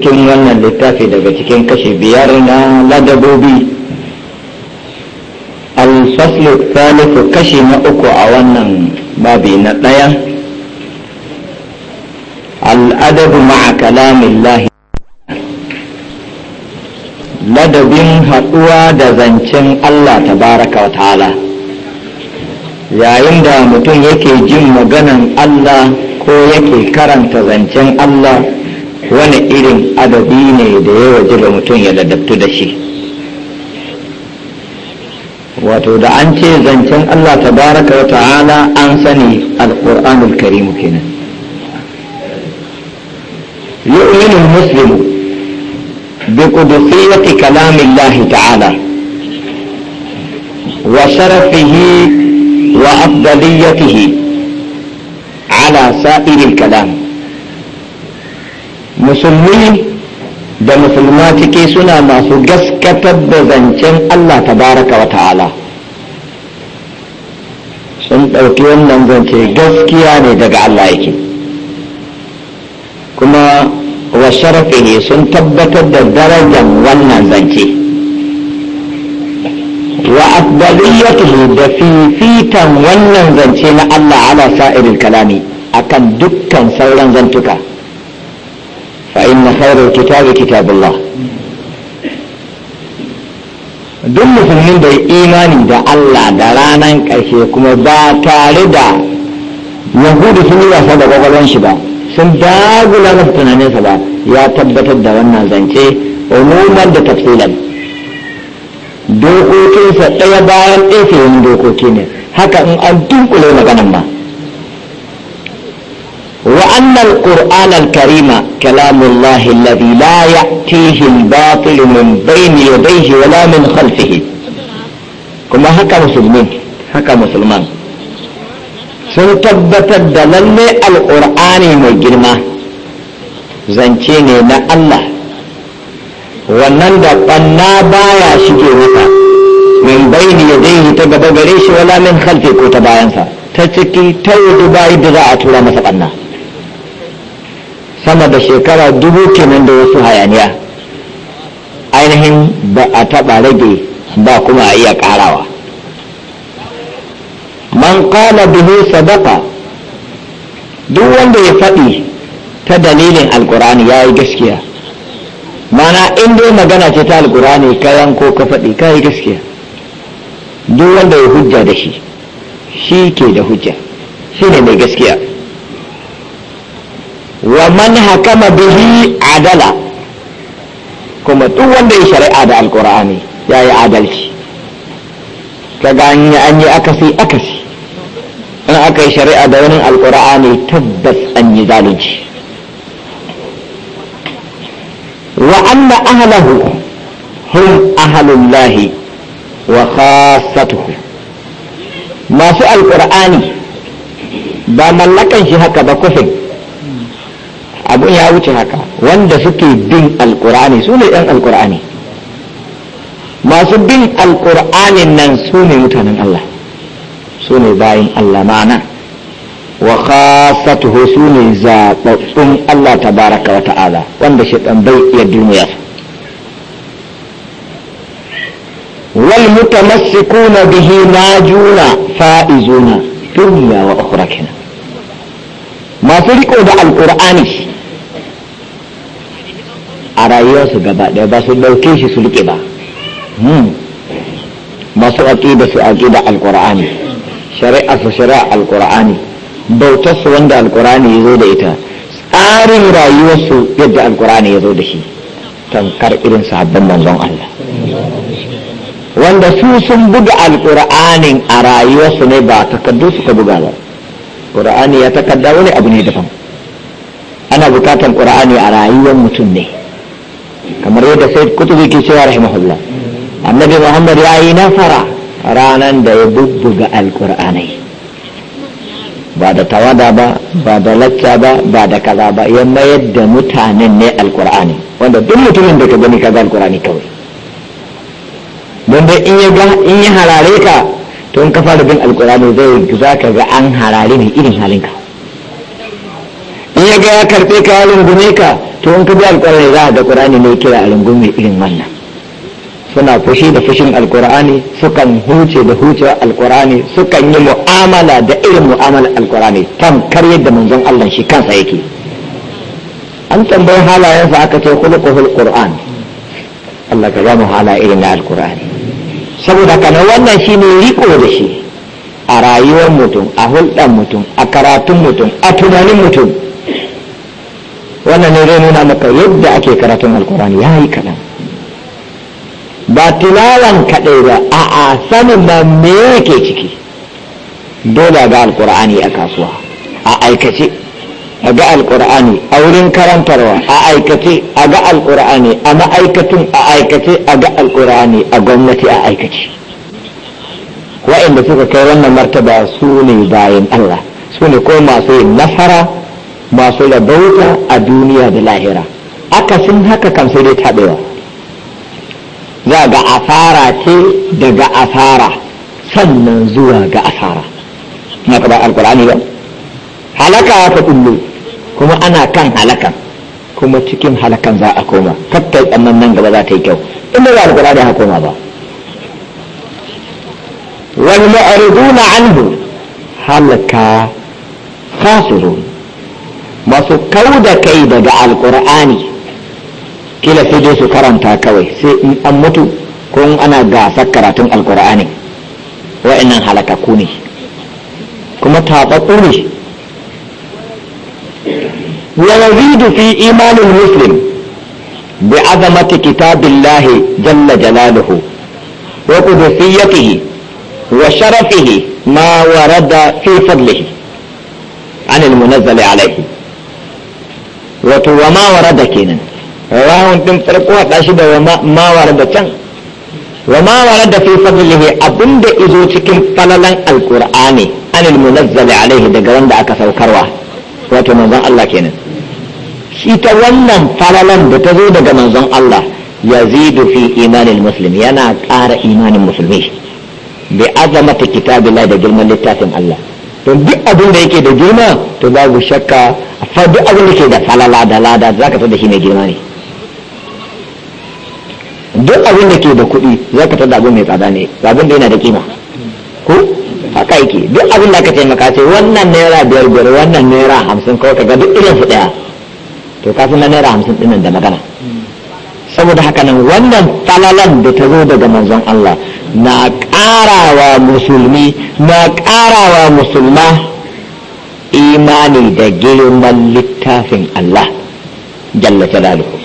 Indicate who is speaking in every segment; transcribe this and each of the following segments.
Speaker 1: cikin wannan littafi daga cikin kashi biyar na ladabobi alfaslu thalithu kashi na uku a wannan babi na ɗaya al'adabu ma'a kalamin lahi ladabin haɗuwa da zancen allah tabaraka wa ta'ala yayin da mutum yake jin maganan allah ko yake karanta zancen allah wani irin adabi ne da ya waje da mutum ya ladabtu da shi wato da an ce zancen Allah tabaraka wa ta'ala an sani alƙur'anul karimu kenan yu'minu muslimu يؤمن المسلم بقدسية كلام الله تعالى وشرفه وأفضليته على سائر الكلام musulmi da musulma cike suna masu gaskatar da zancen Allah tabaraka wa ta'ala sun ɗauki wannan zance gaskiya ne daga Allah yake kuma wa ne sun tabbatar da darajar wannan zance wa afdaliyatuhu da fifitan wannan zance na Allah ala sa'irin kalami akan dukkan sauran zantuka فإن خير الكتاب كتاب الله duk musulmin da imani da Allah da ranar ƙarshe kuma ba tare da yahudu sun yi wasa da gwagwaron shi ba sun dagula masa tunaninsa ba ya tabbatar da wannan zance umuman da tafsilan dokokinsa ɗaya bayan ɗaya sayan dokoki ne haka in an dunkule maganan ba وأن القرآن الكريم كلام الله الذي لا يأتيه الباطل من بين يديه ولا من خلفه كما هكا مسلمين هكا مسلمان sun tabbatar da lalle alƙur'ani mai girma zance ne na Allah wannan da ɓanna baya shige mata min bayni yadayhi ta gaba gare shi wala min khalfi ko ta bayansa ta ciki ta yi da za a tura masa ɓanna sama da shekara dubu kenan da wasu hayaniya ainihin ba a taɓa rage ba kuma a iya ƙarawa man ƙala bihu sadaka duk wanda ya faɗi ta dalilin alkur'ani ya yi gaskiya mana in dai magana ce ta alkur'ani ka yanko ka faɗi ka yi gaskiya duk wanda ya hujja da shi shi ke da hujja shi ne mai gaskiya wa man hakama bihi adala kuma duk wanda ya shari'a da alkur'ani ya yi adalci kaga an yi an yi akasi akasi in aka yi shari'a da wani alkur'ani tabbas an yi zalunci wa anna ahlahu hum ahlullahi wa khassatuhu masu alkur'ani ba mallakan shi haka ba kufin abu ya wuce haka wanda suke bin alkur'ani su ne yan alkur'ani masu bin alkur'anin nan su ne mutanen Allah su ne bayan Allah ma'ana wa khasatuhu su ne zaɓaɓɓun Allah baraka wa ta'ala wanda shaitan bai iya duniya wal mutamassikuna bihi najuna fa'izuna dunya wa ukhra kenan masu riko da alkur'ani a rayuwarsu gaba ɗaya ba su ɗauke shi su riƙe ba hmm. masu aƙida su da alƙur'ani shari'a su shari'a alƙur'ani bautar wanda alƙur'ani ya zo da ita tsarin rayuwarsu yadda alƙur'ani ya zo da shi tamkar irin sabbin manzon Allah wanda su sun buga alƙur'anin a rayuwarsu ne ba takardu suka buga ba ƙur'ani ya takarda wani abu ne daban ana bukatar ƙur'ani a rayuwar mutum ne kamar yadda sai kutubi ke cewa rahimahullah annabi muhammad ya yi nafara ranan da ya bugbuga alkur'anai ba da tawada ba ba da lacca ba ba da kaza ba ya mayar da mutanen ne alkur'ani wanda duk mutumin da ka gani kaga alkur'ani kawai don dai in ya ga harare ka tun in ka fara bin alkur'ani zai za ka ga an harare ne irin halinka ga ya karfe ka ya rungume ka to in ka bi alƙur'ani za a ga qur'ani ne kira a rungume irin wannan suna fushi da fushin alkur'ani sukan huce da huce alƙur'ani sukan yi mu'amala da irin mu'amala alƙur'ani tamkar yadda manzon Allah shi kansa yake an tambayi halayensa aka ce khuluquhul qur'an Allah ka ba mu hala irin na alkur'ani saboda kana wannan shi ne riko da shi a rayuwar mutum a hulɗar mutum a karatun mutum a tunanin mutum wannan ne zai nuna maka yadda ake karatun alkurani ya yi kaɗan ba tilawan kaɗai ba a a sanin ba me yake ciki dole ga alkur'ani a kasuwa a aikace a ga alkur'ani a wurin karantarwa a aikace a ga alkur'ani a ma'aikatun a aikace a ga alkur'ani a gwamnati a aikace wa'inda suka kai wannan martaba su ne bayan allah su ne ko masu yin nasara masu rabauta a duniya da lahira akasin haka kan sai dai taɓewa za ga asara ce daga asara sannan zuwa ga asara na kaba alkur'ani ba halaka ta kullu kuma ana kan halakan kuma cikin halakan za a koma kakkai tsamman nan gaba za ta yi kyau inda za alkur'ani ha koma ba wal ma'riduna anhu halaka khasirun masu kau da kai daga alkur'ani kila sai dai su karanta kawai sai in an mutu ko in ana gasar karatun alkur'ani wa'annan halakaku ne kuma taɓaɓɓu ne wa yazidu fi imanin muslim bi azamati kitabillahi jalla jalaluhu wa qudusiyyatihi wa sharafihi ma warada fi fadlihi an munazzali alayhi wato wa da kenan rawun din farko haɗa shi da da can wa da fi fadlihi abinda izo cikin falalan alqur'ani anil munazzali alaihi daga wanda aka saukarwa wato manzon Allah kenan shi ta wannan falalan da ta zo daga manzon Allah yazidu fi imanin muslim yana ƙara imanin musulmi bi azamata kitabillah da girman littafin Allah don duk abin da yake da girma to babu shakka fa duk abin da ke da falala da lada za ka da shi mai girma ne duk abin da ke da kuɗi za ka da abin mai tsada ne abin da yana da kima ko haka yake duk abin da aka taimaka ce wannan naira biyar biyar wannan naira hamsin kawai kaga duk irin su ɗaya to ka na naira hamsin ɗinnan da magana saboda haka nan wannan falalan da ta zo daga manzon Allah na ƙarawa musulmi na ƙarawa musulma imani da girman littafin Allah jalla jalaluhu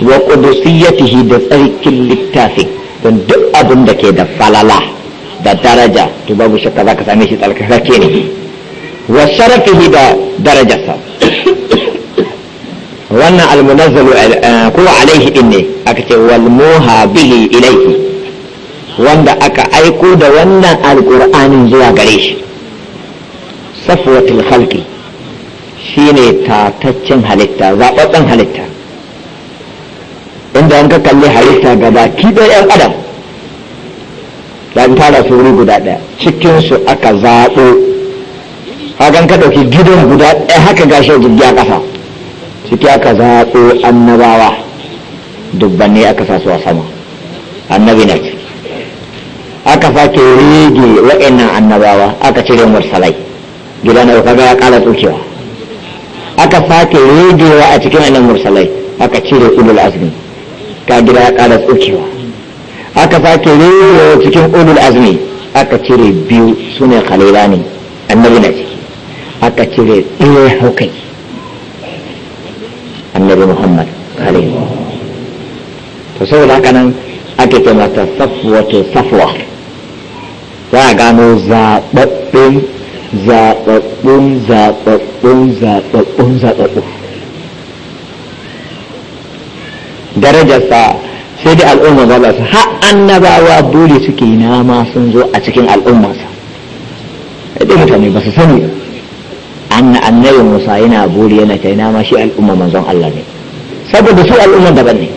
Speaker 1: wa qudusiyyatihi da tsarkin littafin don duk abin da ke da falala da daraja to babu shakka ka same shi tsarkake ne wa sharafihi da darajarsa wannan almunazzalu kuwa eh, alaihi din ne aka ce wal bihi ilaihi wanda aka aiko da wannan alqur'anin zuwa gare shi safwatul khalqi shine tataccen halitta zaɓaɓɓen halitta inda an ka kalli halitta gaba da yan adam dan tara su wuri guda ɗaya cikin aka zaɓo hakan ka ɗauki gidan guda ɗaya haka gashi jirgi a ƙasa ciki aka zaɓo annabawa dubbanni aka sa su a sama annabi na ce aka sake rige waɗannan annabawa aka cire mursalai gida na kaga ya ƙara tsukewa aka sake rigewa a cikin annan mursalai aka cire ulul azmi ka gida ya ƙara tsukewa aka sake rigewa cikin ulul azmi aka cire biyu su ne khalilani annabi na ciki aka cire ɗaya hukai annabi muhammad alaihi to saboda haka nan ake ce mata ta safwa za a gano zaɓaɓɓun zaɓaɓɓun zaɓaɓɓun zaɓaɓɓun zaɓaɓɓun darajarsa sai dai al'umma ba za su har annabawa dole suke na ma sun zo a cikin al'ummarsa ɗaya mutane ba su sani anna annabi musa yana buri yana kai nama ma shi al'umma manzon allah ne saboda su al'umma daban ne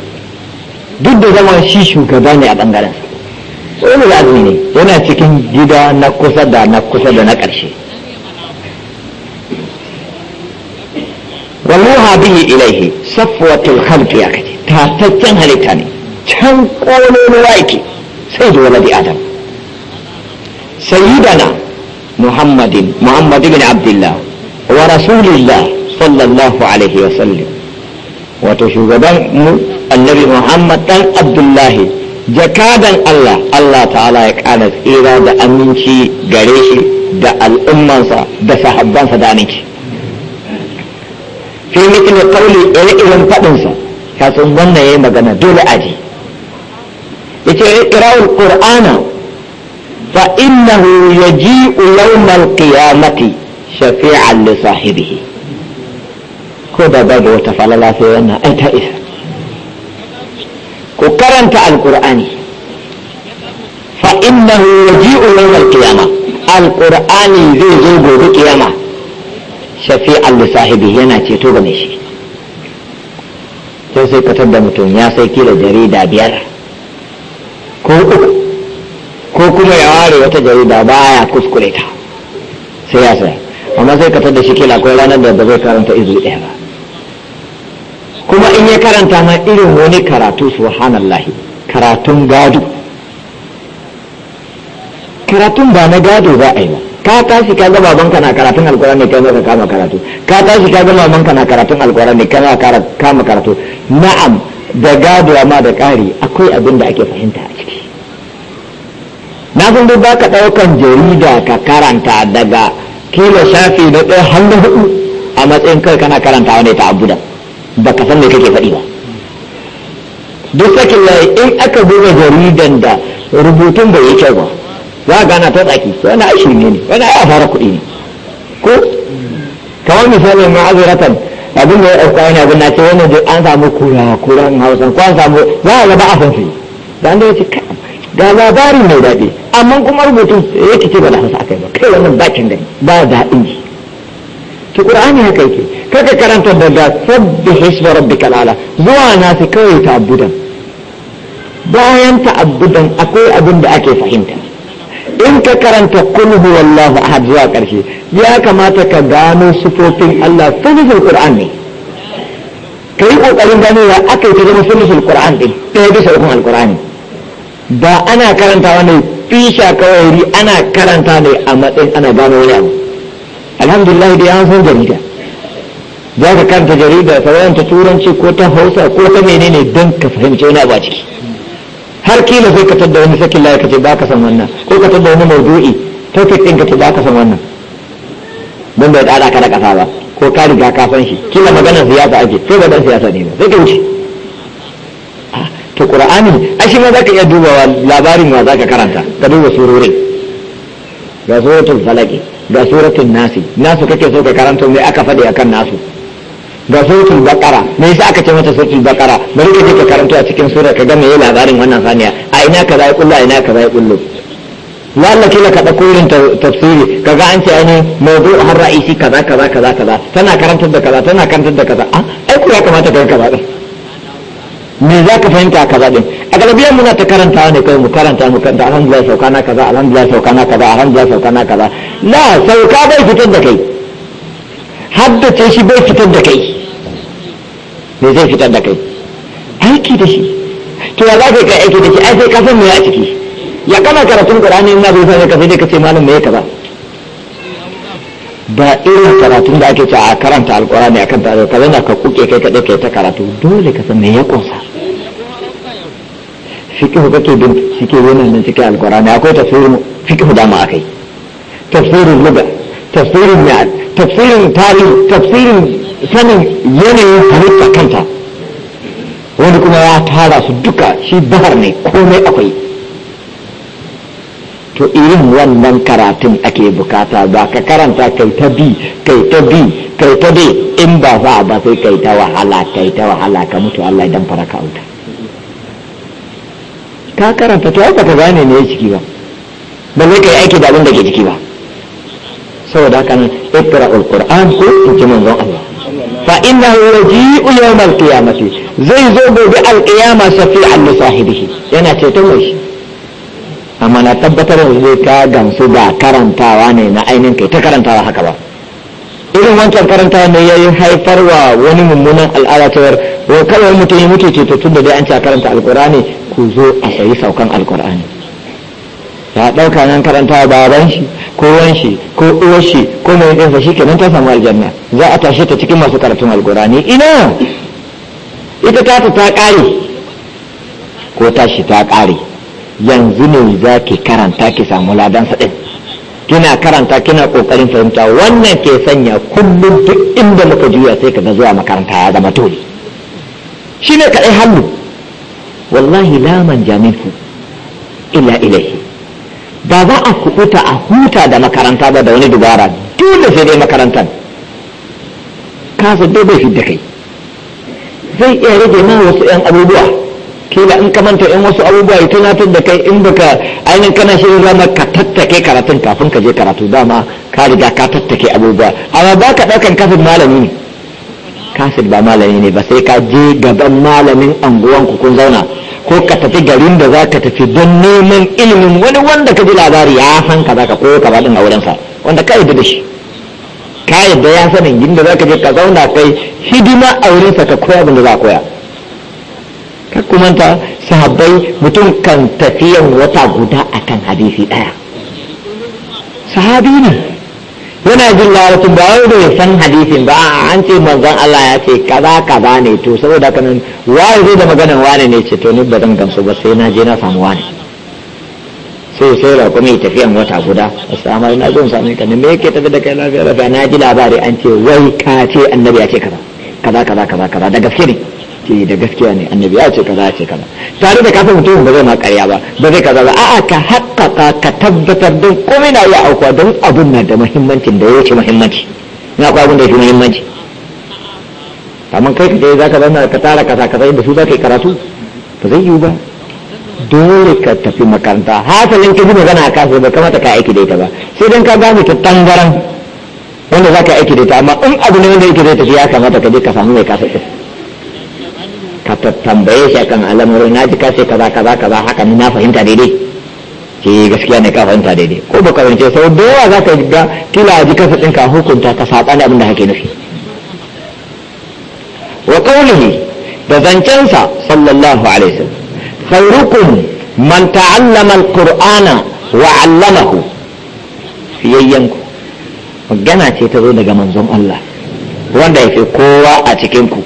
Speaker 1: duk da zama shi shugaba ne a bangaren wani lazumi ne yana cikin gida na kusa da na kusa da na ƙarshe walluha bihi ilaihi safwatul khalqi ya kace tataccen halitta ne can kololuwa yake sai da waladi adam sayyidana muhammadin muhammad ibn abdullah wa rasulillah sallallahu alaihi wasallam wato shugaban mu annabi muhammad dan abdullahi jakadan allah allah ta'ala ya kana tsira da aminci gare shi da al'ummansa da sahabbansa da aminci fi mutum ya kauli ire-iren faɗinsa kasan wannan ya yi magana dole a ji yake irawar ƙur'ana fa innahu yaji'u yawmal qiyamati shafi'an li sahibihi ko da babu wata falala sai wannan ai ta isa ku karanta alqur'ani fa innahu yaji'u yawm al-qiyamah alqur'ani zai zo gobe kiyama shafi'an li sahibihi yana ceto ga mai shi sai sai fitar da mutum ya sai kila jarida biyar ko uku ko kuma ya ware wata jarida baya kuskure ta sai ya sai amma sai ka tada shi kila akwai ranar da ba zai karanta izu ɗaya ba kuma in ya karanta ma irin wani karatu subhanallahi karatun gado karatun ba na gado za a yi ba ka tashi ka gama banka na karatun alkwara ne kai ka kama karatu ka tashi ka gama banka na karatun alkwara ne kai kama karatu na'am da gado ma da ƙari akwai abin da ake fahimta a ciki na san duk baka ɗaukan jarida ka karanta daga kila shafi na ɗaya har hudu a matsayin kai kana karanta wani ta abuda ba ka san me kake faɗi ba duk sakin layi in aka buga jaridan da rubutun bai yi kyau ba za gana ta tsaki wani aishi ne ne wani ai a fara kuɗi ne ko kamar misalin aziratan abin da ya ɗauka wani abin na ce wani an samu kura kuran hausa ko an samu za a gaba a san su da an da ya ce ga labari mai daɗi amma kuma rubutun ya kice ba da aka yi ba kai wannan bakin da ba daɗin shi ki ƙur'ani haka yake kaka karanta daga sabbi isma rabbi kalala zuwa na su kawai ta'abudan bayan ta'abudan akwai abin da ake fahimta in ka karanta kul a ahad zuwa karshe ya kamata ka gano sifofin Allah sunan qur'ani ne kai kokarin gano ya aka yi ta zama sunan qur'ani din ɗaya bisa ukun alqur'ani ba ana karanta wani fisha kawai ana karanta ne a matsayin ana gano wani abu alhamdulillah da ya san jarida za ka karanta jarida sauran ta turanci ko ta hausa ko ta menene don ka fahimci wani abu a ciki har kila sai ka tadda wani sakin layi ka ce baka san wannan ko ka tadda wani maudu'i topic ɗin ka ce baka san wannan don bai tsada ka da kasa ba ko ka riga ka san shi kila maganar siyasa ake sai ba dan siyasa ne ba sai ka wuce to qur'ani a shi ma zaka iya dubawa labarin ma zaka karanta ka duba surorin ga suratul falaki ga suratul nasi nasu kake so ka karanta me aka faɗi akan nasu ga suratul baqara me yasa aka ce mata suratul baqara bari ka je ka karanta a cikin sura ka ga me labarin wannan saniya a ina kaza ya kullu a ina kaza ya kullu lalla kila ka dauko irin tafsiri kaga an ce ainihin mawdu har ra'isi kaza kaza kaza kaza tana karantar da kaza tana karantar da kaza ah, ai ku ya kamata ka kaza me za ka fahimta kaza din a galibiyar muna ta karanta ne kai mu karanta mu karanta alhamdulillah sauka na kaza alhamdulillah sauka na kaza alhamdulillah sauka na kaza la sauka bai fitar da kai haddace shi bai fitar da kai me zai fitar da kai aiki da shi to ya za ka aiki da shi ai sai ka san me a ciki ya kana karatun qur'ani ina bai sai ka sai ka ce malam me kaza ba irin karatun da ake ce a karanta alkurani akan tare ka zana ka kuke kai kaɗai kai ta karatu dole ka san me ya kunsa fiqh kake bin cike wannan nan cikin alkurani akwai tafsirin fiqh da ma akai tafsirin lugha tafsirin ma'an tafsirin tarihi tafsirin sanin yanayin halitta kanta wani kuma ya tara su duka shi bahar ne komai akwai to irin wannan karatun ake bukata ba ka karanta kai ta bi kai ta bi kai ta bi in ba fa ba sai kai ta wahala kai ta wahala ka mutu Allah idan fara ka auta ka karanta to ba ka gane ne ciki ba ba zai kai aiki da abin da ke ciki ba saboda kan ikra alquran ko in ji manzon Allah fa innahu yaji'u yawmal qiyamati zai zo gobe alqiyama safi'an li sahibihi yana ce mai mushi amma na tabbatar da zai ka gamsu ba karantawa ne na ainihin kai ta karantawa haka ba irin wancan karantawa ne ya yi haifarwa wani mummunan al'ada cewar wa kawai mutum ya mutu ce tun da dai an ce a karanta alkur'ani ku zo a sayi saukan alkur'ani ya ɗauka nan karanta baban shi ko ran shi ko uwar shi ko mai ɗinsa shi kenan ta samu aljanna za a tashe ta cikin masu karatun alkur'ani ina ita ta ta ƙare ko tashi ta ƙare yanzu ne za ki karanta ki samu ladansa ɗin kina karanta kina ƙoƙarin fahimta wannan ke sanya kullum duk inda muka juya sai ga zuwa makaranta ya zama tole shi ne kaɗai hannu wallahi laman jaminku illa ilahi ba za a kuɓuta a huta da makaranta ba da wani dubara dole sai dai makarantar kasa dai bai da kai zai iya rage ma wasu 'yan abubuwa kila in ka manta in wasu abubuwa ya tunatar da kai in baka ainihin kana shirin rama ka tattake karatun kafin ka je karatu dama ka riga ka tattake abubuwa amma ba ka ɗaukan kafin malami ne kafin ba malami ne ba sai ka je gaban malamin anguwan ku kun zauna ko ka tafi garin da za ka tafi don neman ilimin wani wanda ka ji labari ya san za ka koyo ka a aurensa wanda ka yi da shi ka yarda ya sanin inda za ka je ka zauna kai hidima a wurinsa ka koya abin da za ka koya Kakumanta ku sahabbai mutum kan tafiyan wata guda akan hadisi daya sahabi ne yana jin larabcin ba wai ya san hadisin ba an ce manzon Allah ya ce kaza kaza ne to saboda haka nan waye zai da maganar wani ne ce to ni ba zan gamsu ba sai na je na samu wani sai sai da kuma tafiyan wata guda assalamu alaikum na zo samu ka ne me yake tafi da kai lafiya lafiya na ji labari an ce wai ka ce annabi ya ce kaza kaza kaza kaza kaza da gaske ne ke da gaskiya ne annabi ya ce kaza ce kaza tare da kafin mutum ba zai ma karya ba ba zai kaza ba a'a ka haƙƙaƙa ka tabbatar don komai na iya aukuwa don abun na da muhimmancin da ya wuce muhimmanci na akwai abun da ya fi muhimmanci amma kai ka je za ka zauna ka tara kasa kasa da su za ka yi karatu ba zai yiwu ba dole ka tafi makaranta hasalin ka ji magana a kasa ba kamata ka aiki da ita ba sai dan ka gane ta tangaran wanda za ka aiki da ita amma in abu ne wanda yake zai tafi ya kamata ka je ka samu mai kasa ɗin ta tambaye shi akan al'amarin na ji kace kaza kaza kaza haka ni na fahimta daidai ke gaskiya ne ka fahimta daidai ko baka fahimce sau da yawa za ka ga kila ji kasa ka hukunta ka saɓa da abinda kake nufi wa qawlihi da zancensa sallallahu alaihi wasallam khairukum man ta'allama alqur'ana wa 'allamahu fiyayyanku magana ce ta zo daga manzon Allah wanda yake kowa a cikin ku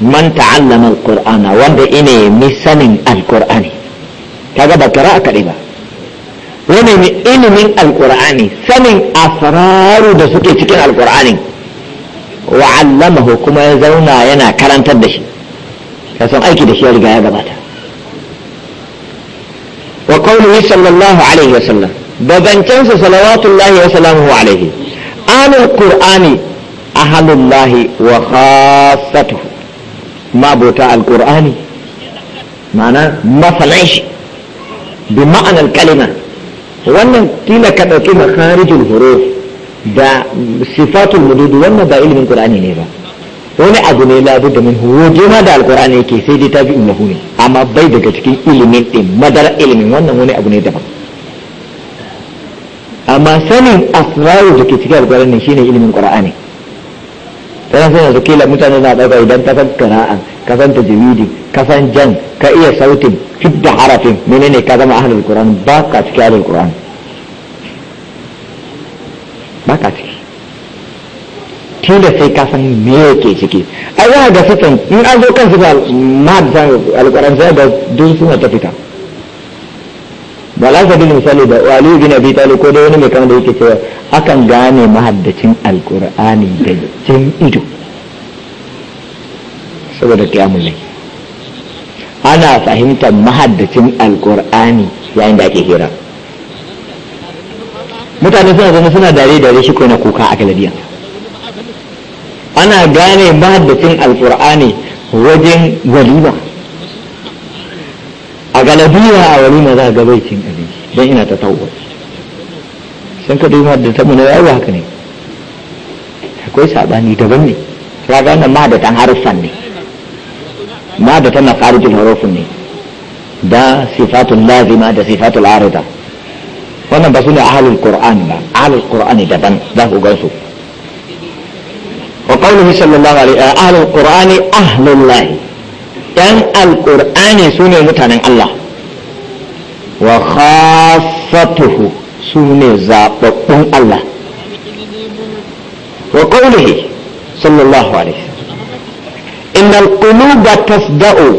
Speaker 1: man ta'allama alqur'ana wanda ine mi sanin alqur'ani kaga ba qira'a kadai ba wani ne ilimin alqur'ani sanin asraru da suke cikin alqur'ani wa 'allamahu kuma ya zauna yana karantar da shi san aiki da shi ya riga ya gabata wa qawluhu sallallahu alaihi wa sallam da zancensa salawatullahi wa salamuhu alaihi ahlul qur'ani ahlullahi wa khassatuhu mabota alkur'ani ma'ana masanan shi bi ma'anar kalima wannan tila ka ɗauki makarijin huruf da sifatul mududu wannan ba ilimin qur'ani ne ba wani abu ne labu da jima wajena da alkur'ani yake sai dai ta bi ulahu ne amma bai daga cikin ilimin ɗin madara ilimin wannan wani abu ne daban amma sanin asraru da ke cikin alkur'ani shine ilimin qur'ani sai sai yanzu kila mutane na daga idan ka san kira'an ka san tajwidi ka san jan ka iya sautin da harafin menene ka zama ahlul qur'an ba ka cikin ahlul qur'an ba ka ciki tunda sai ka san me yake ciki ai za ga sukan in an zo kan su ma da alquran sai da dun suna ta fita ba za ka bi misali da wali bin abi talib ko da wani mai kama da yake cewa akan gane mahaddacin alqur'ani da jin ido saboda kiyamun ne. ana fahimtar mahaddacin alqur'ani yayin da ake hira mutane suna zama suna dare dare shi na kuka a galabiya ana gane mahaddacin alqur'ani wajen walima a galabiya a walima za a gabaicin ɗin dan ina ta tawo sun ka duba da ta muna yawa haka ne akwai sabani daban ne ya gane ma da tan harufan ne ma da tana kharijin harufin ne da sifatul lazima da sifatul arida wannan ba su ne ahalul qur'an ba ahalul qur'ani daban za ku gansu wa qawluhu sallallahu alaihi ahalul qur'ani ahlul lahi dan alqur'ani sune mutanen Allah wa khafatuhu su ne zaɓaɓɓun Allah wa ƙaunihi sallallahu alaihi innal quluba tasda'u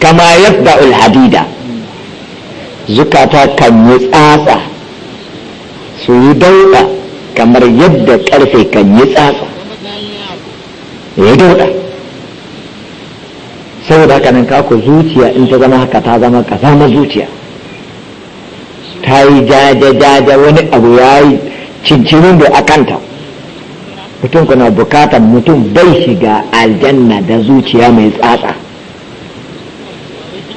Speaker 1: kama yadda al-hadida zukata kan yi tsatsa su yi dauɗa kamar yadda ƙarfe kan yi tsatsa ya dauɗa saboda haka nan ka zuciya in ta zama haka ta zama ka zama zuciya ta yi jaje wani abu ya yi cincinin da a kanta mutum kuna bukatar mutum bai shiga aljanna da zuciya mai tsatsa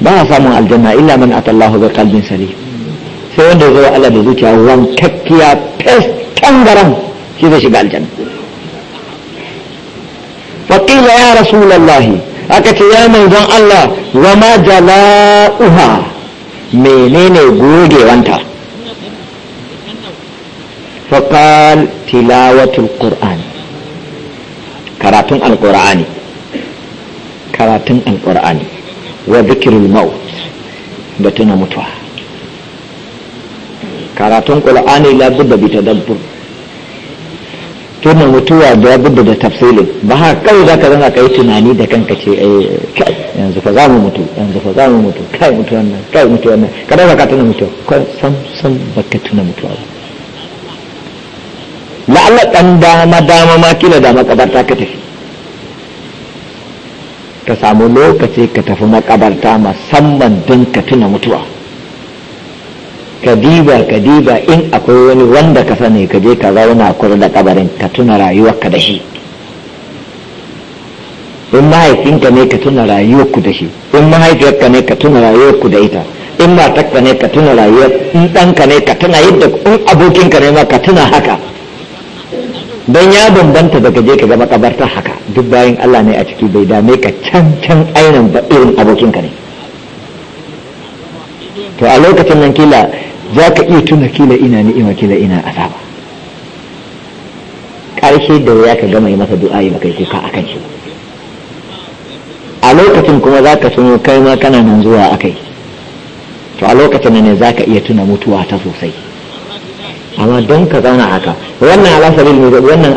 Speaker 1: ba a samun aljanna illa man atallahu bi qalbin sali. sai wanda zai Allah da zuciya wankakkiya fes tangaran shi zai shiga aljanna faqila ya rasulullahi aka ce ya manzon Allah wa ma jala'uha menene gogewanta faƙal tilawatul ƙur'an karatun alƙur'ani karatun alƙur'ani wa zikirul maut da tuna mutuwa karatun ƙur'ani labudda bi tadabbur tuna mutuwa da ya bude da tafsilin ba ha kai za ka zana kai tunani da kanka ce eh, kai yanzu fa za mu mutu yanzu fa za mu mutu kai mutu wannan kai mutu wannan ka ba ka tuna mutuwa ko san san ba ka tuna mutuwa ba la'alla dan dama dama ma kila da makabarta ka tafi ka samu lokaci ka tafi makabarta musamman don ka tuna mutuwa ka diba ka diba in akwai wani wanda ka sani ka je ka zauna kusa da kabarin ka tuna rayuwarka da shi in mahaifinka ne ka tuna rayuwarku da shi in mahaifiyarka ne ka tuna rayuwarku da ita in matarka ne ka tuna rayuwar in ɗanka ne ka tuna yadda in abokinka ne ma ka tuna haka don ya bambanta daga je ka gaba kabarta haka duk bayan Allah ne a ciki bai dame ka can can ainihin ba irin abokinka ne to a lokacin nan kila za ka iya tuna kila ina ni'ima kila ina azaba ƙarshe da ya ka gama yi masa du'a yi baka kuka a kan shi a lokacin kuma za ka tuno kai ma kana nan zuwa a kai to a lokacin ne za ka iya tuna mutuwa ta sosai amma don ka zauna haka wannan a lasabil wannan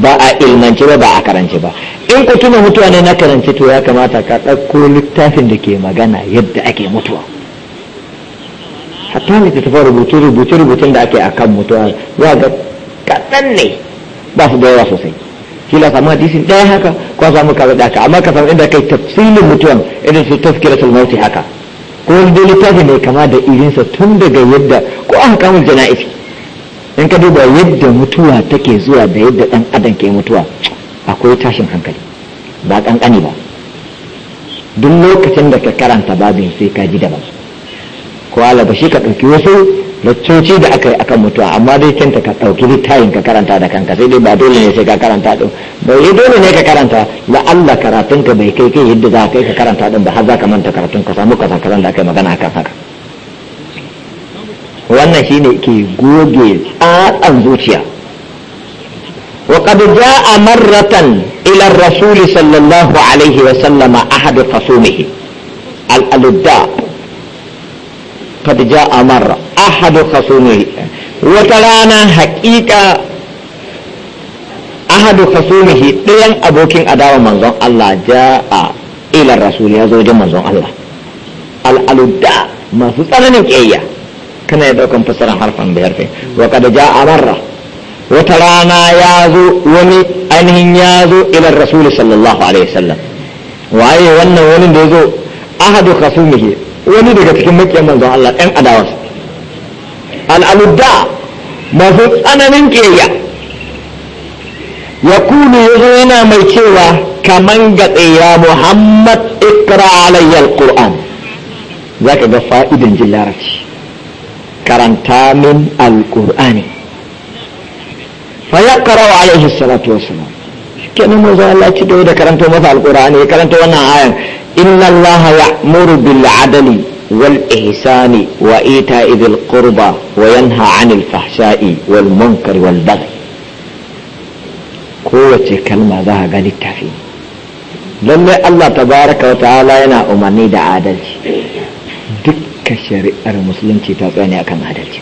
Speaker 1: ba a ilmanci ba ba a karance ba in ku tuna mutuwa ne na karance to ya kamata ka ɗauko littafin da ke magana yadda ake mutuwa hatta tafi rubutu rubutu rubutun da ake akan mutuwa za ga kaɗan ne ba su da yawa sosai kila samu hadisin ɗaya haka ko samu kaza da haka amma ka samu inda kai tafsilin mutuwan irin su tafkiratul mauti haka ko wani ta ne kama da irinsa tun daga yadda ko aka kama jana'iz in ka duba yadda mutuwa take zuwa da yadda ɗan adam ke mutuwa akwai tashin hankali ba ƙanƙani ba duk lokacin da ka karanta babin sai ka ji da ba. ko alaba shi ka ɗauki wasu laccoci da aka yi akan mutuwa amma dai kenta ka ɗauki littayin ka karanta da kanka sai dai ba dole ne sai ka karanta ɗin Ba yi dole ne ka karanta la Allah karatun ka bai kai kai yadda za ka yi ka karanta ɗin ba har za ka manta karatun ka samu ka kaza da aka yi magana akan haka wannan shi ne ke goge tsatsan zuciya وقد جاء مرة إلى الرسول صلى الله عليه وسلم أحد خصومه الألداء قد جاء مرة أحد خصومه وترانا حقيقة أحد خصومه تيان أبوكين أداوة منظوم الله جاء إلى الرسول يزوج منظوم الله الألداء ما فسرنا كيا كنا يدوكم فسر حرفا بحرفين وقد جاء مرة وترانا يازو ومي أنهن يازو إلى الرسول صلى الله عليه وسلم وأي ون ون ديزو أحد خصومه wani daga cikin makiyan manzon Allah ɗan adawas al'aludda masu tsananin ƙiyayya ya kulu ya zo yana mai cewa kaman ga ya muhammad ikra alayyar za ka ga fa'idan jin larabci karanta min alƙur'ani fa wa alaihi salatu wasu kenan manzon ci da karanta masa alƙur'ani ya karanta wannan ayan إن الله يأمر بالعدل والإحسان وإيتاء ذي القربى وينهى عن الفحشاء والمنكر والبغي kowace kalma za a ga littafi lallai Allah tabaraka wa ta'ala yana umarni da adalci dukka shari'ar musulunci ta tsani akan adalci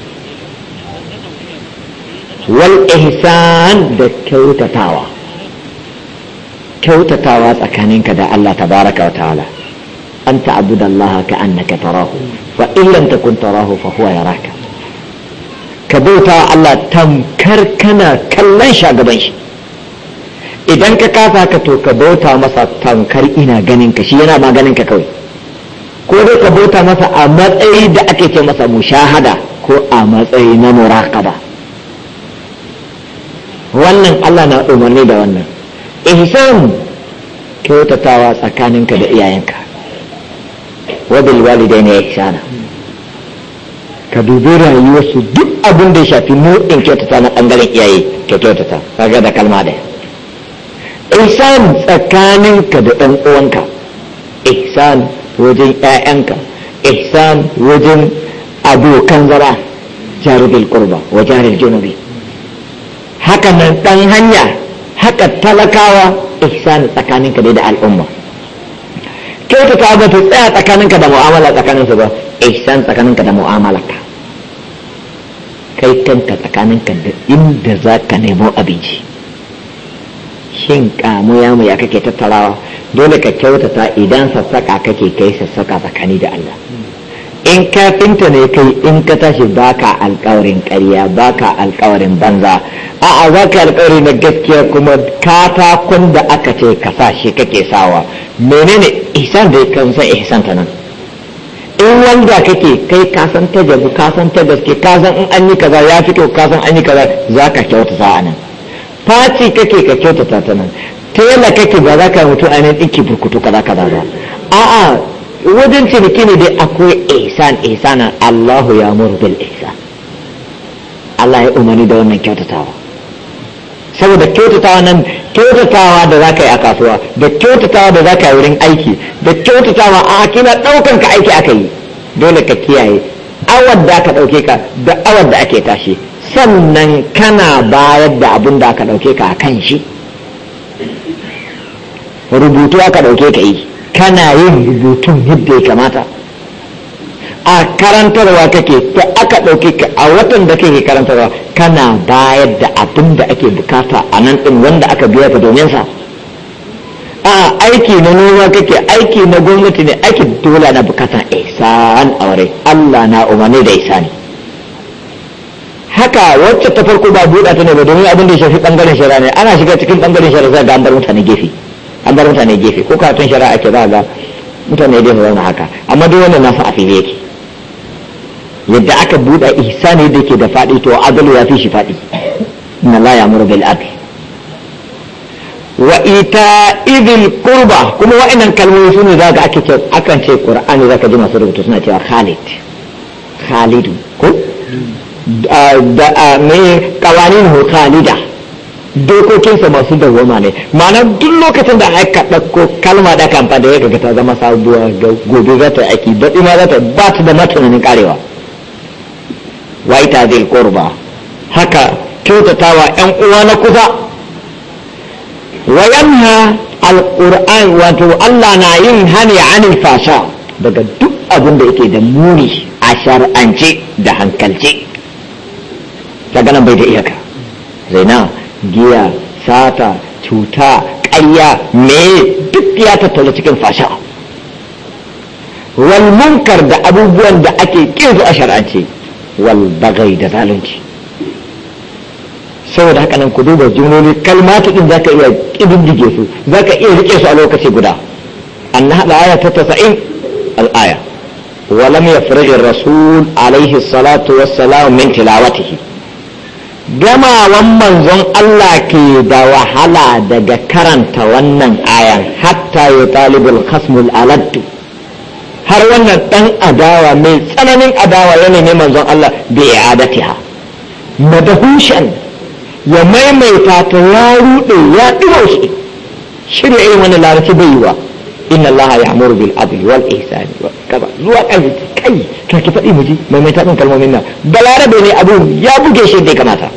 Speaker 1: wal ihsan da kyautatawa kyautatawa tsakaninka da Allah baraka wa ta'ala an ta'budu Allah ka annaka tarahu wa in takun tarahu fa huwa yaraka ka bauta Allah tamkar kana kallon shi a gaban shi idan ka kasa ka to ka bauta masa tamkar ina ganin ka shi yana ma ganin ka kawai ko dai ka bauta masa a matsayi da ake ce masa mushahada ko a matsayi na muraqaba wannan Allah na umarni da wannan ihsan kyautatawa tsakaninka da iyayenka wabil walidai ne ihsana ka dubi rayuwarsu duk abin da ya shafi nau'in kyautata na ɓangaren iyaye ka kyautata kaga da kalma da ihsan tsakaninka da ɗan uwanka ihsan wajen 'ya'yanka ihsan wajen abokan zama jarubil kurba wa jaril junubi haka nan ɗan hanya haka talakawa ihsani tsakaninka dai da al'umma kyautata ba ta tsaya tsakaninka da mu'amala tsakaninsu ba ihsan tsakaninka da mu'amalarka kai kanka tsakaninka da inda za ka nemo abinci shin kamu ya mu ya kake tattarawa dole ka kyautata idan sassaka kake kai sassaka tsakani da Allah in kafinta ne kai in ka tashi baka alkawarin ƙarya baka alkawarin banza a'a ka alkawari na gaskiya kuma katakon da aka ce ka sa shi kake sawa menene ihsan da kan san ihsan ta nan in wanda kake kai ka san ta jabu ka san ta gaske ka san in an yi kaza ya fi kyau ka san an yi kaza za ka kyauta sa'a nan faci kake ka kyautata ta nan tela kake ba za ka mutu a nan ɗinki burkutu kaza kaza ba a'a wajen ciniki ne dai akwai ihsan ihsanan Allahu ya muru bil ihsan Allah ya umarni da wannan kyautatawa saboda kyautatawa nan kyautatawa da za ka yi a kasuwa da kyautatawa da za ka yi wurin aiki da kyautatawa a kina ɗaukan ka aiki aka yi dole ka kiyaye awar da aka ɗauke ka da awar da ake tashi sannan kana bayar da abin da aka ɗauke ka a kan shi rubutu aka ɗauke ka yi kana yin rubutun yadda ya kamata a karantarwa kake ta aka ɗauke ka a watan da kake karantarwa kana bayar da abin da ake bukata a nan din wanda aka biya ka domin sa a aiki na noma kake aiki na gwamnati ne aiki dole na bukata ihsan aure Allah na umarni da ihsani haka wacce ta farko ba buɗa ta ne ba domin abin da ya shafi ɓangaren shari'a ne ana shiga cikin ɓangaren shari'a ga an bar mutane gefe an bar mutane gefe ko kafin shari'a ke za ga mutane da yawa zauna haka amma duk wannan nasa a fili yake yadda aka buɗe ihsani da ke da faɗi to adalu ya fi shi faɗi inna la ya'muru bil adl wa ita idil qurba kuma wa'annan kalmomi su ne zaka ake ce akan ce qur'ani zaka ji masu rubutu suna cewa khalid khalidu ko da me qawanin khalida dokokinsa masu dawwama ne ma'ana duk lokacin da aka ɗauko kalma da kamfa da ya gaggata zama sabuwa ga gobe za ta aiki daɗi ma za ta ba ta da matunanin karewa wa ta zai korba haka kyautatawa yan uwa na kusa wayan ha alquran wato Allah na yin hani anil fasha daga duk abin da yake da muni a shar'ance da hankalce ta nan bai da iyaka zai na giya sata cuta ƙarya me duk ya tattauna cikin fasha wal munkar da abubuwan da ake kinsu a shar'ance wal bagai da zalunci saboda haka nan ku duba jumloli ɗin za zaka iya kididdige su zaka iya riƙe su a lokaci guda an hada aya ta 90 al aya ولم يفرغ الرسول عليه الصلاة والسلام من تلاوته gamawan manzon Allah ke da wahala daga karanta wannan ayan hatta ya talibul khasmul aladdu har wannan ɗan adawa mai tsananin adawa yana ne manzon Allah bi i'adatiha madahushan ya maimaita ta ya rude ya dubo shi shirya irin wannan larabci bai yi wa inna allaha ya'muru bil adli wal ihsani wa kaza zuwa kai kai to ki faɗi mu ji mai mai kalmomin nan balarabe ne abu ya buge shi da kamata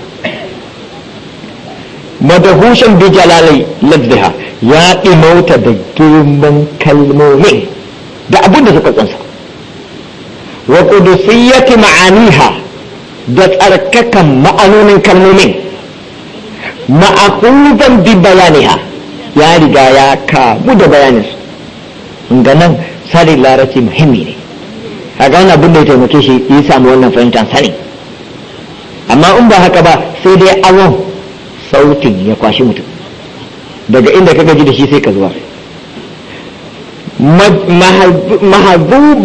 Speaker 1: madahushan bi jalalai ladhiha ya dimauta da girman kalmomin da abin da suka tsansa wa qudusiyyati ma'aniha da tsarkakan ma'anonin kalmomin ma'akudan bi bayaniha ya riga ya kamu da bayaninsu ga nan sanin larabci muhimmi ne a ga abin da ya taimake shi ya samu wannan fahimtar sani amma in ba haka ba sai dai awon sautin ya kwashi mutum daga inda ka gaji da shi sai ka zuwa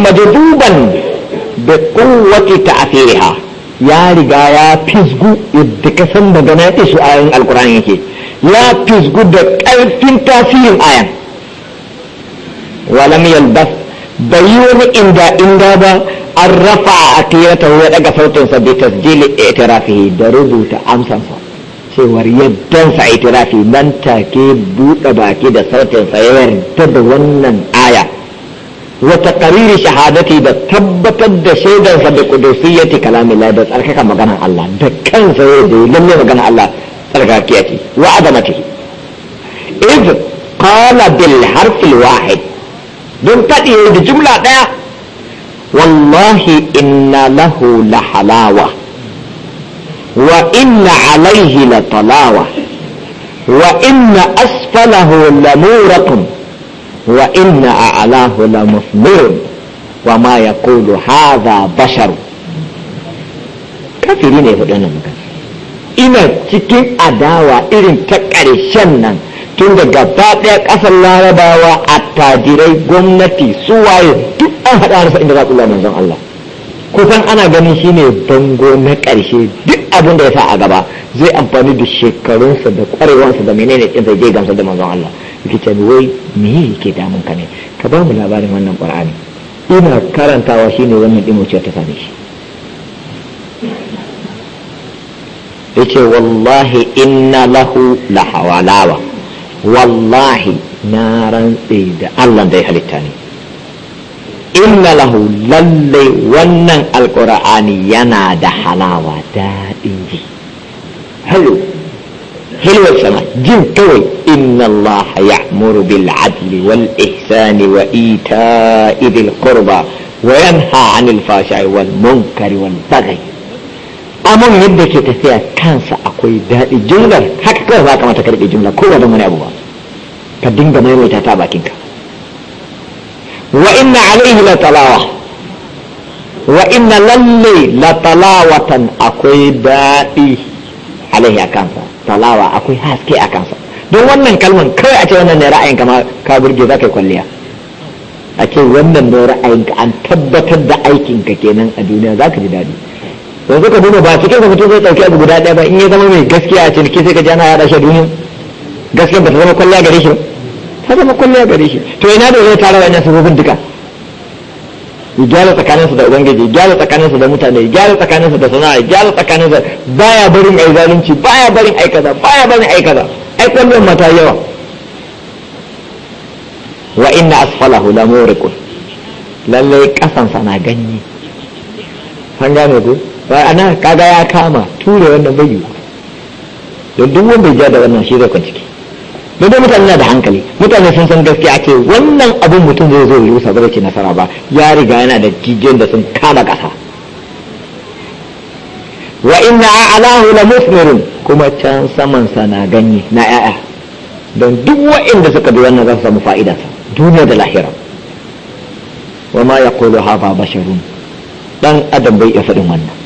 Speaker 1: majaduban da kowace ta ta'afiriha ya riga ya fisgu yadda ka san daga na su ayan alkur'ani yake ya fisgu da ƙarfin tasirin ayan walam yalbas bai yi wani inda inda ba an rafa a tirata ya daga sautinsa bi tasjili itirafihi da rubuta amsansa cewar yaddansa itirafi nan take buɗe baki da sautinsa ya yarda da wannan aya wata kariri shahadati da tabbatar da shaidansa da kudusiyyati kalamila da tsarkaka maganar Allah da kansa ya zai lalle maganar Allah tsarkakiyati wa azamatihi iz qala bil harfil wahid don faɗi da jumla ɗaya wallahi inna lahu la halawa wa inna alaihi la talawa wa inna asfalahu la muratun wa inna a'lahu la mufmirun wa ma yaqulu hadha basharu kafiri ne faɗin nan ina cikin adawa irin ta ƙarshen nan tun da gaba ɗaya ƙasar larabawa a attajirai gwamnati su waye duk an haɗa harsa inda za ku zama manzon Allah kusan ana ganin shi ne bango na ƙarshe duk abin da ya sa a gaba zai amfani da shekarunsa da ƙwarewarsa da menene ɗin zai je gamsar da manzon Allah yake ce wai me yake damun ka ne ka ba mu labarin wannan ƙur'ani ina karantawa shi ne wannan ɗimociyar ta same shi yace wallahi inna lahu lahawalawa والله نارا ايدا الله دي هلتاني إن له للي ونن القرآن ينادى حلاوة دا هلو هلو حلو السماء جن توي إن الله يأمر بالعدل والإحسان وإيتاء ذي القربى وينهى عن الفاشع والمنكر والبغي amon yadda ke tafiya kansa akwai daɗi jumlar haka kawai za ka mata karɓe jumla ko wajen wani abu ba ka dinga maimaita ta bakinka wa inna alaihi la talawa wa inna lalle la talawatan akwai daɗi alaihi a kansa talawa akwai haske a kansa don wannan kalman kawai a ce wannan ne ra'ayin kama ka burge za ka yi kwalliya a ce wannan ne ra'ayin ka an tabbatar da aikinka kenan a duniya za ka ji daɗi yanzu ka duba ba cikin mutum zai ɗauki abu guda ɗaya ba in ya zama mai gaskiya a ciniki sai ka jana ya yaɗa duniya gaskiya ba ta zama kwalliya gare shi ta zama kwalliya gare shi to ina da zai tara wannan sabobin duka ya gyara tsakaninsa da ubangiji ya gyara tsakaninsa da mutane ya gyara tsakaninsa da sana'a ya gyara tsakaninsa baya barin ai zalunci baya barin ai kaza baya barin ai kaza ai kwallon mata yawa wa inna asfalahu la muriqun lalle kasansa na ganye san gane ku ana kaga ya kama ture wannan bai yiwu don duk wanda ya da wannan shi zai kwanciki ki don mutane na da hankali mutane sun san a ce wannan abin mutum zai zo rusa ba zai ce nasara ba ya riga yana da jijiyan da sun kama kasa wa inna a'lahu la musmirin kuma can saman sa na ganye na ya'ya don duk wa'inda suka bi wannan za su samu fa'idarsa duniya da lahira wa ma yaqulu hadha basharun dan adam bai iya faɗin wannan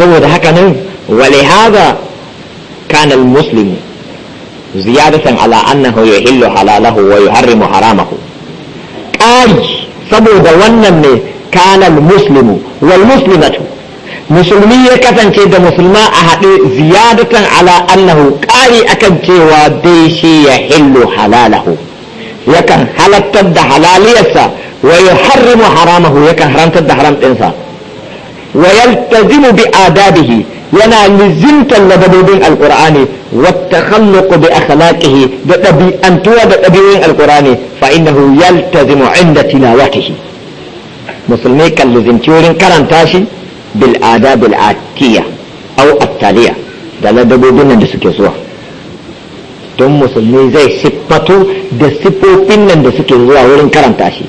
Speaker 1: saboda haka nan wale haza kana muslimu ziyadatan ala annahu yuhillu halalahu wa yuharrimu haramahu ƙari saboda wannan ne kana muslimu wal muslimatu musulmi ya kasance da musulma a haɗe ziyadatan ala annahu ƙari akan cewa dai shi ya hillu halalahu yakan halattar da halaliyarsa wa yuharrimu haramahu yakan haramtar da haram ɗinsa wa yaltazimu yana lizimtar ladabobin alqur'ani wa takhalluqu bi akhlaqihi da dabi'antuwa da ɗabi'in Alƙur'ani fa innahu zimu inda tilawatihi musulmi kan lizimci wurin karanta shi bil adabil atiya attaliya da ladabobin nan da suke zuwa don musulmi zai siffatu da siffofin nan da suke zuwa wurin karanta shi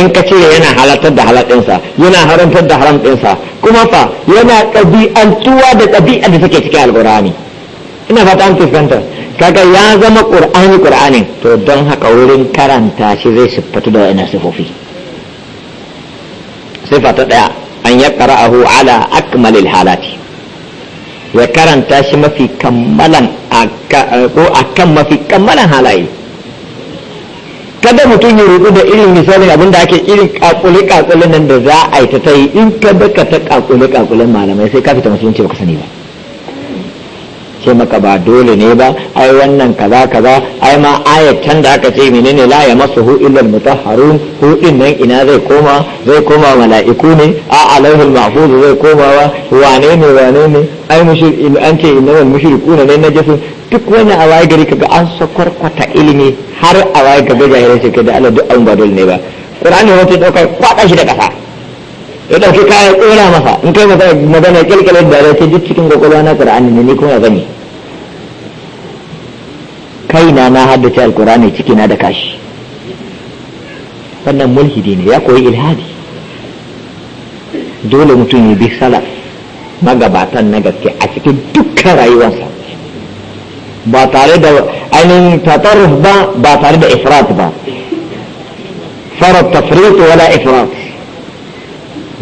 Speaker 1: in ka ce yana halartar da halar ɗinsa yana haramtar da haram ɗinsa kuma fa yana ɗabi'antuwa da ɗabi'a da take cikin alƙur'ani ina fata an fuskanta kaga ya zama ƙur'ani ƙur'anin to don haka wurin karanta shi zai siffatu da wa'ina sifofi sifa ta ɗaya an ya qara'ahu ala akmalil halati ya karanta shi mafi kammalan ko akan mafi kammalan halaye kada mutum ya ruku da irin misalin abin da ake irin kakuli kakulin nan da za a yi ta yi in ka ta kakuli kakulin malamai sai ka fita ba baka sani ba ce maka ba dole ne ba ai wannan kaza kaza ai ma ayat can da aka ce menene la ya masuhu illal mutahharun hu din nan ina zai koma zai koma mala'iku ne a alaihul mahfuz zai koma wa wane ne wane ne ai mushir in an ce innamal mushrikuna ne najasun duk wani a waye gari kaga an sakwarkwata ilimi har a waye gaba jahilai ce da Allah duk an ba dole ne ba Qur'ani wata dauka kwada shi da kasa ya ɗauki kaya tsora masa in kai magana kyalkyalar da sai duk cikin kwakwalwa na ƙur'ani ne ni kuma ya gani kaina na haddace alƙur'ani ciki na da kashi wannan mulhidi ne ya koyi ilhadi dole mutum ya bi salaf magabatan na gaske a cikin dukkan rayuwarsa ba tare da ainihin tatarruf ba ba tare da ifrat ba farar tafrit wala ifrat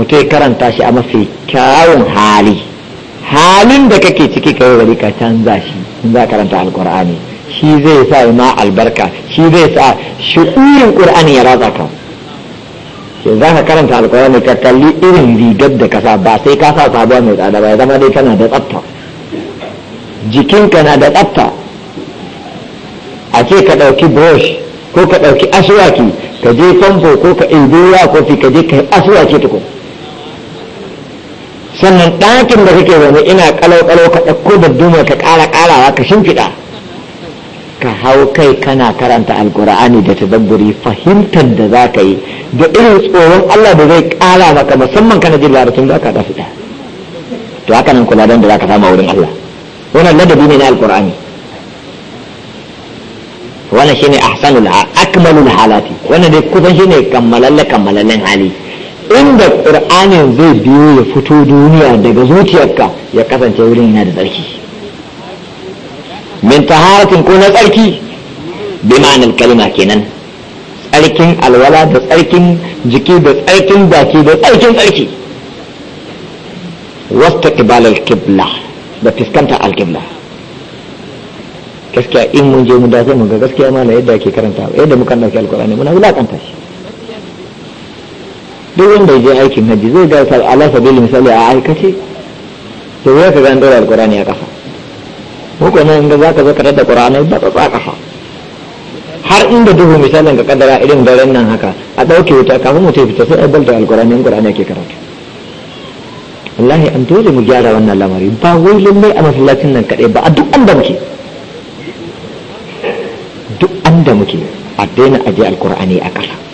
Speaker 1: mutum ya karanta shi a mafi kyawun hali halin da kake ciki kai wani ka canza shi in za karanta alkur'ani shi zai sa ma albarka shi zai sa shi'urin ƙur'ani ya ratsa ka sai za ka karanta alkur'ani ka kalli irin rigar da ka sa ba sai ka sa sabuwa mai tsada ba ya zama dai kana da tsafta jikinka na da tsafta a ce ka ɗauki brush ko ka ɗauki aswaki ka je famfo ko ka ɗauki ruwa ko ka je ka yi aswaki tukun sannan ɗakin da kake zaune ina kalau-kalau ka ɗauko da duma ka ƙara ƙarawa ka shimfiɗa ka hau kai kana karanta alkur'ani da tadabburi fahimtar da za ka yi da irin tsoron allah da zai ƙara maka musamman kana jin larabcin za ka ɗafi ɗaya to haka nan kula da za ka samu wurin allah wannan ladabi ne na alkur'ani wannan shine ahsanul akmalul halati wannan dai kusan shine kammalalle kammalallen hali inda ƙur'anin zai biyo ya fito duniya daga zuciyarka ya kasance wurin yana da tsarki min taharatin ko na tsarki bi ma'anar kalma kenan tsarkin alwala da tsarkin jiki da tsarkin baki da tsarkin tsarki wasta kibalar kibla da fuskantar alkibla gaskiya in mun je mun dace mun ga gaskiya ma na yadda ake karanta yadda muka ɗauki alkurani muna wulakanta shi duk wanda ya je aikin hajji zai ga ala sabilin misali a aikace to ya ka ga an dora alqur'ani a kafa nan inda zaka zaka zakarar da ƙura'anai ba tsatsa ƙasa har inda duhu misalin ga kadara irin daren nan haka a dauke wuta kafin mutum fita sai aibal da alƙura'ani in qur'ani ke karatu wallahi an dole mu gyara wannan lamari ba wai lallai a masallacin nan kadai ba a duk an da muke duk an da muke a daina aje alƙura'ani a ƙasa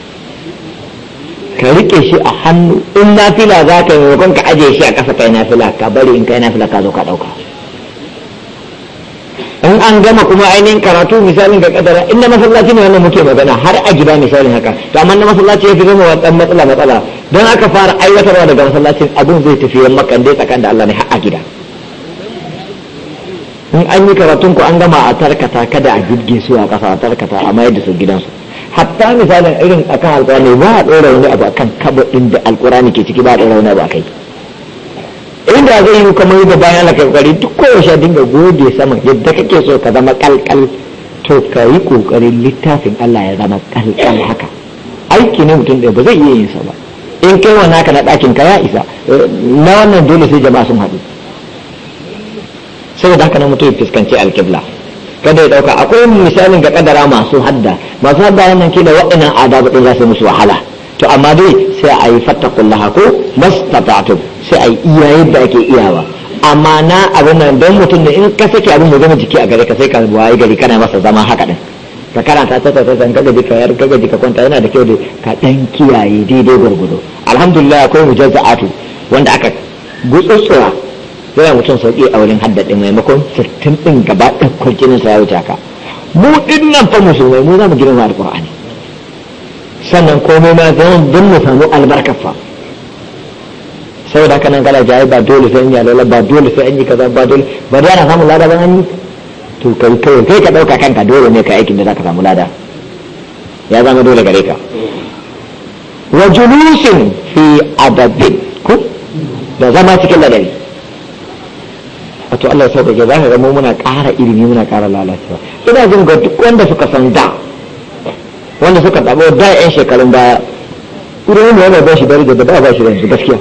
Speaker 1: ka rike shi a hannu in na fila za ka yi ka ajiye shi a ƙasa kai na fila ka bari in kai fila ka zo ka ɗauka in an gama kuma ainihin karatu misalin ga kadara inda masallaci ne wannan muke magana har a gida misalin haka to amma na masallaci fi zama wannan matsala matsala don aka fara aiwatarwa daga masallacin abin zai tafi yan makan dai tsakan da Allah ne har a gida in an yi karatun ku an gama a tarkata kada a jirgin su a kasa a tarkata a mayar da su gidansu hatta misalin irin akan alkurani ba a ɗora wani abu akan kabaɗin da alkurani ke ciki ba a ɗora wani abu akai inda zai yi kamar yadda bayan na karkari duk kowace dinga gode sama yadda kake so ka zama kalkal to ka yi kokarin littafin Allah ya zama kalkal haka aiki ne mutum ɗaya ba zai iya yin sa ba in kai wannan haka na ɗakin ka ya isa na wannan dole sai jama'a sun haɗu saboda haka na mutum ya fuskanci alkibla kada ya dauka akwai misalin ga kadara masu hadda masu hadda wannan kila waɗannan adabu din zasu su musu wahala to amma dai sai a yi fattakullaha ko mastata'tu sai a yi iya yadda ake iyawa amma na abin nan don mutum ne in ka sake abin da zama jiki a gare ka sai ka wayi gari kana masa zama haka din ka karanta ta ta san kaga jika yar kaga jika kwanta yana da kyau da ka dan kiyaye daidai gurgudu alhamdulillah akwai mujazza'atu wanda aka gutsutsura yana mutum sauƙi a wurin haddadin maimakon sittin ɗin gaba ɗaukar jinin sa ya wuce ka mu ɗin nan fa musulmai mu za mu girma alƙur'ani sannan komai ma zan don mu samu albarkar fa saboda haka nan kana jaye ba dole sai an yi alola ba dole sai an yi kaza ba dole ba da ana samu lada ban an yi to kai kai kai ka ɗauka kanka dole ne ka aikin da ka samu lada ya zama dole gare ka wa julusin fi adabin ku da zama cikin ladabi wato Allah ya sauƙaƙe za ka ga mu muna ƙara ilimi muna ƙara lalacewa ina jin ga duk wanda suka san da wanda suka taɓa da 'yan shekarun baya ilimin wanda yana ba shi daraja da ba ba shi yanzu gaskiya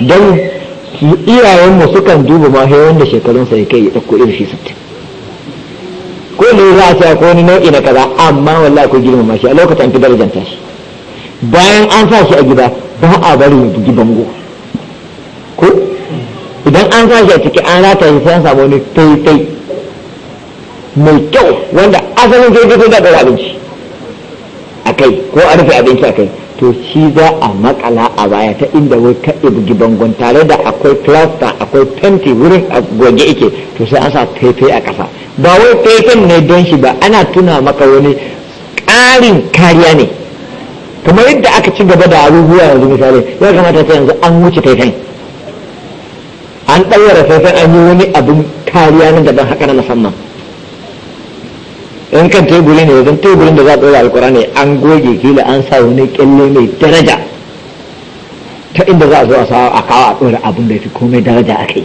Speaker 1: don iyayen mu sukan duba ma sai wanda shekarun sa kai ya dauko irin shi sittin ko ne za a ko wani nau'i na kaza amma wallahi ko ma shi a lokacin an fi darajar tashi bayan an sa shi a gida ba a bari mu bugi bango idan an sa shi a ciki an rata shi sai an samu wani taitai mai kyau wanda asalin taitai ko da abinci a kai ko a rufe abinci a kai to shi za a makala a baya ta inda wai ta bugi bangon tare da akwai plasta akwai fenti wurin a goge ike to sai an sa taitai a ƙasa ba wai taitan ne don shi ba ana tuna maka wani ƙarin kariya ne kamar yadda aka ci gaba da abubuwa yanzu misali ya kamata ta yanzu an wuce taitan an ɗaura sai an yi wani abin kariya na daban haka na musamman in kan teburi ne wajen teburin da za a ɗora ne an goge kila an sa wani ƙyalle mai daraja ta inda za a zo a sa a kawo a ɗora abin da ya fi komai daraja a kai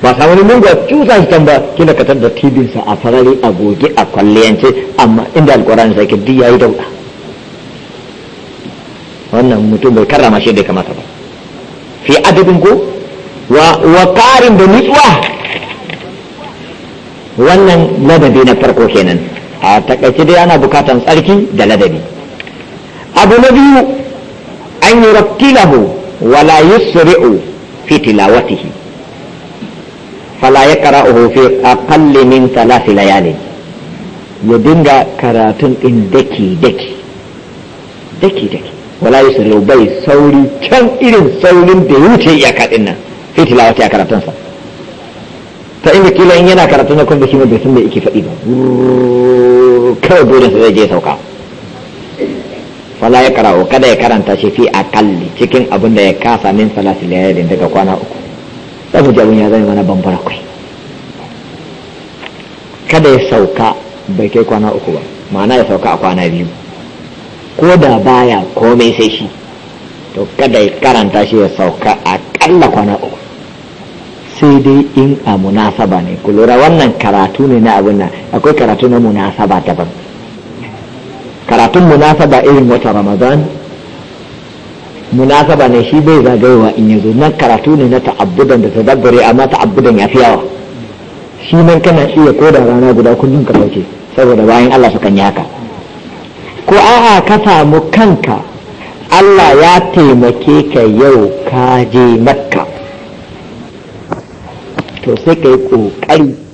Speaker 1: ba sa wani mungo a cusa shi can ba kila ka da sa a farare a goge a kwalliyance amma inda ne sai ke duk yayi dauɗa wannan mutum bai karrama shi da kamata ba fi adabin ko wa ƙarin da nutsuwa wannan ladabi na farko kenan a takaice dai ana bukatan tsarki da ladabi abu na biyu an yi rattilahu wala yusri'u fi tilawatihi fala ya qara'uhu fi aqalli min thalath layalin ya dinga karatun din daki daki daki daki wala yusri'u bai sauri can irin saurin da ya wuce iyaka din nan fitila tilawati a sa ta inda kila in yana karatu na kuma shi bai san da yake faɗi ba kawai dole sai je sauka fala ya karawo kada ya karanta shi fi akalli cikin abin da ya kasa min salasil layalin daga kwana uku saboda abin ya zama mana bambara kai kada ya sauka bai kai kwana uku ba ma'ana ya sauka a kwana biyu ko da baya komai sai shi to kada ya karanta shi ya sauka a kalla kwana uku sai dai in a munasaba ne ku lura wannan karatu ne na abin nan akwai karatu na munasaba daban karatun munasaba irin wata ramadan munasaba ne shi bai zagayewa in yanzu nan karatu ne na ta'abbudan da tadabbure amma ta'abbudan ya fi yawa shi nan kana iya koda rana guda kullum ka dauke saboda bayan Allah su kan yi haka ko a'a ka samu kanka Allah ya taimake ka yau ka je makka to sai ka yi ƙoƙari